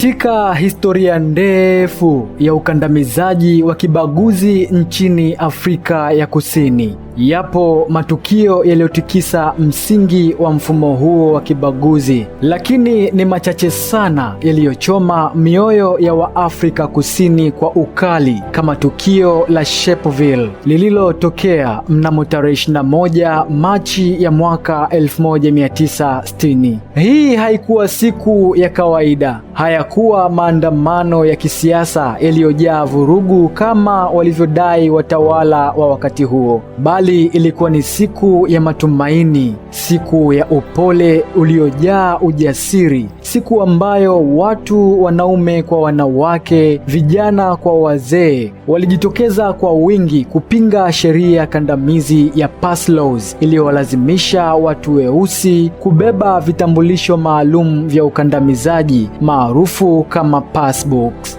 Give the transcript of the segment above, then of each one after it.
Katika historia ndefu ya ukandamizaji wa kibaguzi nchini Afrika ya Kusini, yapo matukio yaliyotikisa msingi wa mfumo huo wa kibaguzi, lakini ni machache sana yaliyochoma mioyo ya Waafrika Kusini kwa ukali, kama tukio la Sharpeville lililotokea mnamo tarehe 21 Machi ya mwaka 1960. Hii haikuwa siku ya kawaida. Haya kuwa maandamano ya kisiasa yaliyojaa vurugu kama walivyodai watawala wa wakati huo, bali ilikuwa ni siku ya matumaini, siku ya upole uliojaa ujasiri, siku ambayo watu, wanaume kwa wanawake, vijana kwa wazee, walijitokeza kwa wingi kupinga sheria kandamizi ya pass laws iliyowalazimisha watu weusi kubeba vitambulisho maalum vya ukandamizaji maarufu maarufu kama passbooks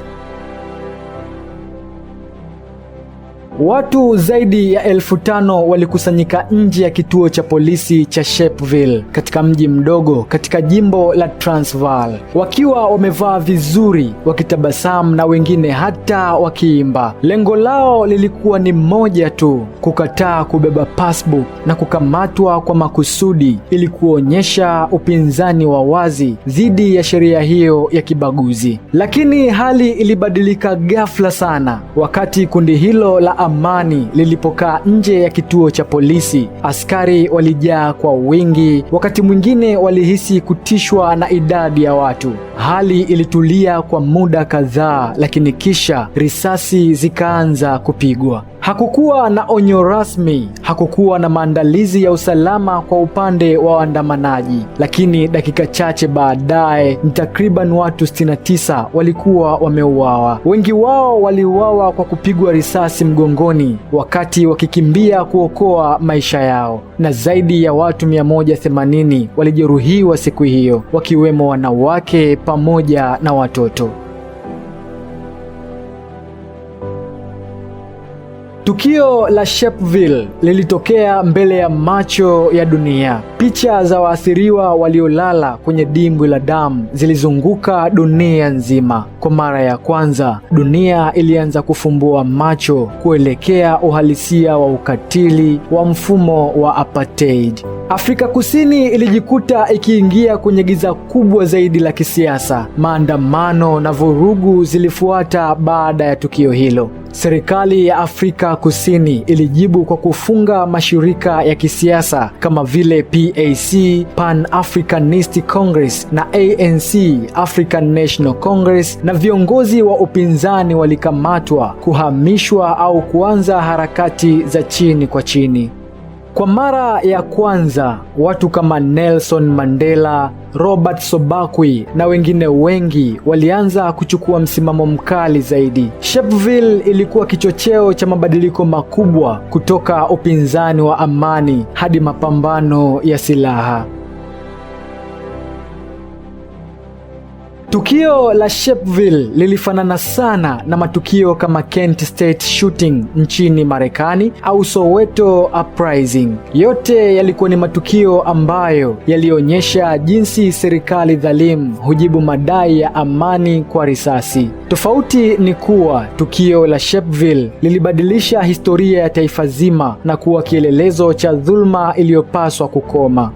Watu zaidi ya elfu tano walikusanyika nje ya kituo cha polisi cha Sharpeville katika mji mdogo katika jimbo la Transvaal, wakiwa wamevaa vizuri, wakitabasamu na wengine hata wakiimba. Lengo lao lilikuwa ni moja tu, kukataa kubeba passbook na kukamatwa kwa makusudi ili kuonyesha upinzani wa wazi dhidi ya sheria hiyo ya kibaguzi. Lakini hali ilibadilika ghafla sana wakati kundi hilo la amani lilipokaa nje ya kituo cha polisi. Askari walijaa kwa wingi, wakati mwingine walihisi kutishwa na idadi ya watu. Hali ilitulia kwa muda kadhaa, lakini kisha risasi zikaanza kupigwa. Hakukuwa na onyo rasmi, hakukuwa na maandalizi ya usalama kwa upande wa waandamanaji, lakini dakika chache baadaye ni takriban watu 69 walikuwa wameuawa. Wengi wao waliuawa kwa kupigwa risasi mgongoni wakati wakikimbia kuokoa maisha yao, na zaidi ya watu 180 walijeruhiwa siku hiyo, wakiwemo wanawake pamoja na watoto. Tukio la shepville lilitokea mbele ya macho ya dunia. Picha za waathiriwa waliolala kwenye dimbwi la damu zilizunguka dunia nzima. Kwa mara ya kwanza, dunia ilianza kufumbua macho kuelekea uhalisia wa ukatili wa mfumo wa apartheid. Afrika Kusini ilijikuta ikiingia kwenye giza kubwa zaidi la kisiasa. Maandamano na vurugu zilifuata baada ya tukio hilo. Serikali ya Afrika Kusini ilijibu kwa kufunga mashirika ya kisiasa kama vile PAC, Pan Africanist Congress na ANC, African National Congress, na viongozi wa upinzani walikamatwa, kuhamishwa au kuanza harakati za chini kwa chini. Kwa mara ya kwanza watu kama Nelson Mandela, Robert Sobukwe na wengine wengi walianza kuchukua msimamo mkali zaidi. Sharpeville ilikuwa kichocheo cha mabadiliko makubwa kutoka upinzani wa amani hadi mapambano ya silaha. Tukio la shepville lilifanana sana na matukio kama Kent State shooting nchini Marekani au Soweto uprising. Yote yalikuwa ni matukio ambayo yalionyesha jinsi serikali dhalimu hujibu madai ya amani kwa risasi. Tofauti ni kuwa tukio la shepville lilibadilisha historia ya taifa zima na kuwa kielelezo cha dhulma iliyopaswa kukoma.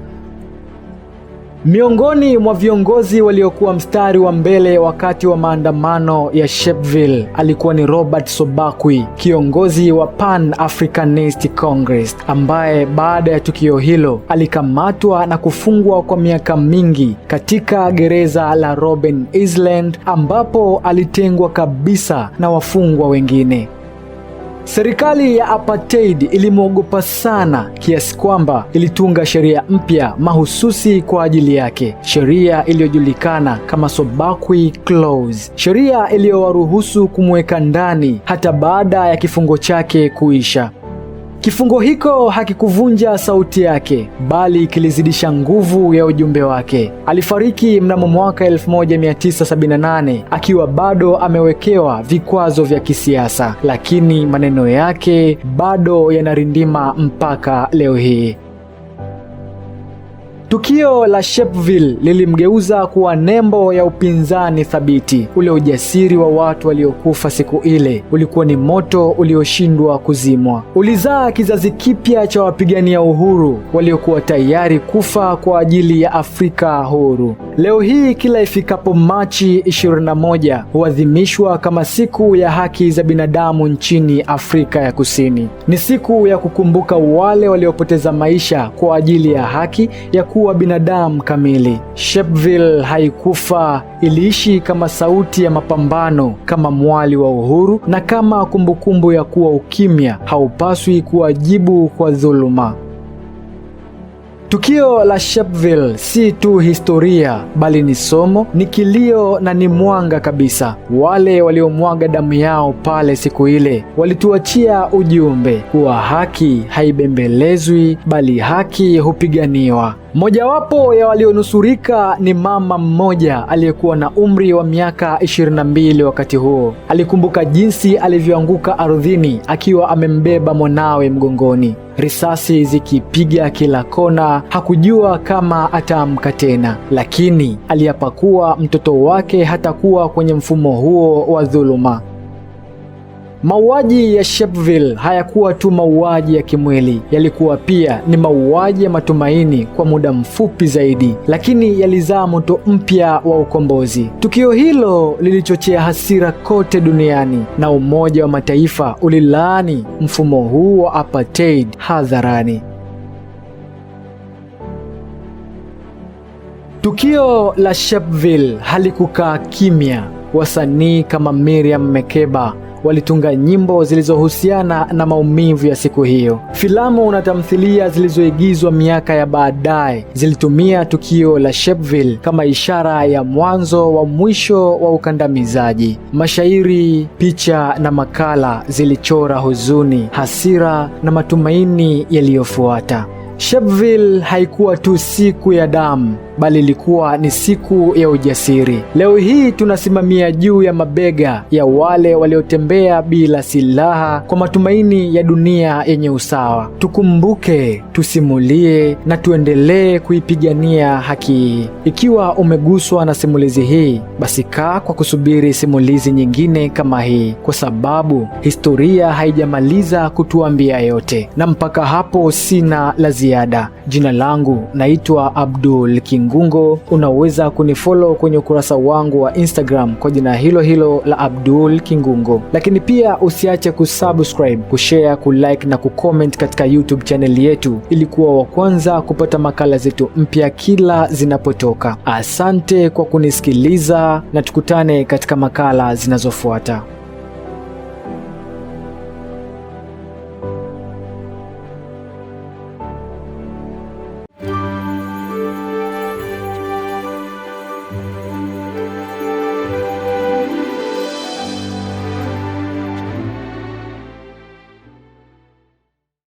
Miongoni mwa viongozi waliokuwa mstari wa mbele wakati wa maandamano ya Sharpeville alikuwa ni Robert Sobukwe, kiongozi wa Pan Africanist Congress, ambaye baada ya tukio hilo alikamatwa na kufungwa kwa miaka mingi katika gereza la Robben Island ambapo alitengwa kabisa na wafungwa wengine. Serikali ya apartheid ilimwogopa sana kiasi kwamba ilitunga sheria mpya mahususi kwa ajili yake, sheria iliyojulikana kama Sobukwe Clause, sheria iliyowaruhusu kumweka ndani hata baada ya kifungo chake kuisha. Kifungo hiko hakikuvunja sauti yake, bali kilizidisha nguvu ya ujumbe wake. Alifariki mnamo mwaka 1978 akiwa bado amewekewa vikwazo vya kisiasa, lakini maneno yake bado yanarindima mpaka leo hii. Tukio la shepville lilimgeuza kuwa nembo ya upinzani thabiti. Ule ujasiri wa watu waliokufa siku ile ulikuwa ni moto ulioshindwa kuzimwa. Ulizaa kizazi kipya cha wapigania uhuru waliokuwa tayari kufa kwa ajili ya Afrika huru. Leo hii kila ifikapo Machi 21 huadhimishwa kama siku ya haki za binadamu nchini Afrika ya Kusini. Ni siku ya kukumbuka wale waliopoteza maisha kwa ajili ya haki ya kuwa binadamu kamili. Shepville haikufa, iliishi kama sauti ya mapambano, kama mwali wa uhuru na kama kumbukumbu ya kuwa ukimya haupaswi kuwa jibu kwa dhuluma. Tukio la Sharpeville si tu historia bali ni somo, ni kilio na ni mwanga kabisa. Wale waliomwaga damu yao pale siku ile walituachia ujumbe kuwa haki haibembelezwi, bali haki hupiganiwa. Mojawapo ya walionusurika ni mama mmoja aliyekuwa na umri wa miaka 22 wakati huo. Alikumbuka jinsi alivyoanguka ardhini akiwa amembeba mwanawe mgongoni, risasi zikipiga kila kona. Hakujua kama ataamka tena, lakini aliapa kuwa mtoto wake hatakuwa kwenye mfumo huo wa dhuluma. Mauaji ya Sharpeville hayakuwa tu mauaji ya kimwili, yalikuwa pia ni mauaji ya matumaini kwa muda mfupi zaidi, lakini yalizaa moto mpya wa ukombozi. Tukio hilo lilichochea hasira kote duniani na Umoja wa Mataifa ulilaani mfumo huu wa apartheid hadharani. Tukio la Sharpeville halikukaa kimya. Wasanii kama Miriam Makeba walitunga nyimbo zilizohusiana na maumivu ya siku hiyo. Filamu na tamthilia zilizoigizwa miaka ya baadaye zilitumia tukio la Shepville kama ishara ya mwanzo wa mwisho wa ukandamizaji. Mashairi, picha na makala zilichora huzuni, hasira na matumaini yaliyofuata. Shepville haikuwa tu siku ya damu, bali ilikuwa ni siku ya ujasiri. Leo hii tunasimamia juu ya mabega ya wale waliotembea bila silaha kwa matumaini ya dunia yenye usawa. Tukumbuke, tusimulie na tuendelee kuipigania haki hii. Ikiwa umeguswa na simulizi hii, basi kaa kwa kusubiri simulizi nyingine kama hii, kwa sababu historia haijamaliza kutuambia yote. Na mpaka hapo sina la ziada. Jina langu naitwa Abdul King Ngungo. Unaweza kunifollow kwenye ukurasa wangu wa Instagram kwa jina hilo hilo la Abdul Kingungo, lakini pia usiache kusubscribe, kushare, kulike na kucomment katika YouTube chaneli yetu ili kuwa wa kwanza kupata makala zetu mpya kila zinapotoka. Asante kwa kunisikiliza na tukutane katika makala zinazofuata.